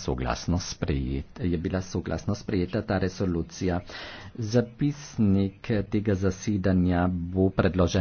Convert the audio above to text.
soglasno sprejeta, je bila soglasno sprejeta ta resolucija. Zapisnik tega zasedanja bo predložen.